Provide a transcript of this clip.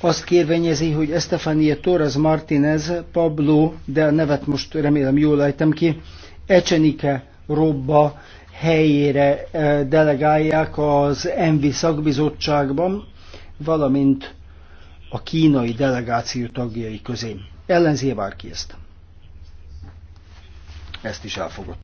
azt kérvényezi, hogy Estefania Torres Martinez, Pablo, de a nevet most remélem jól ejtem ki, Ecsenike Robba helyére eh, delegálják az ENVI szakbizottságban, valamint a kínai delegáció tagjai közé. Ellenzi bárki ezt. Ezt is elfogadta.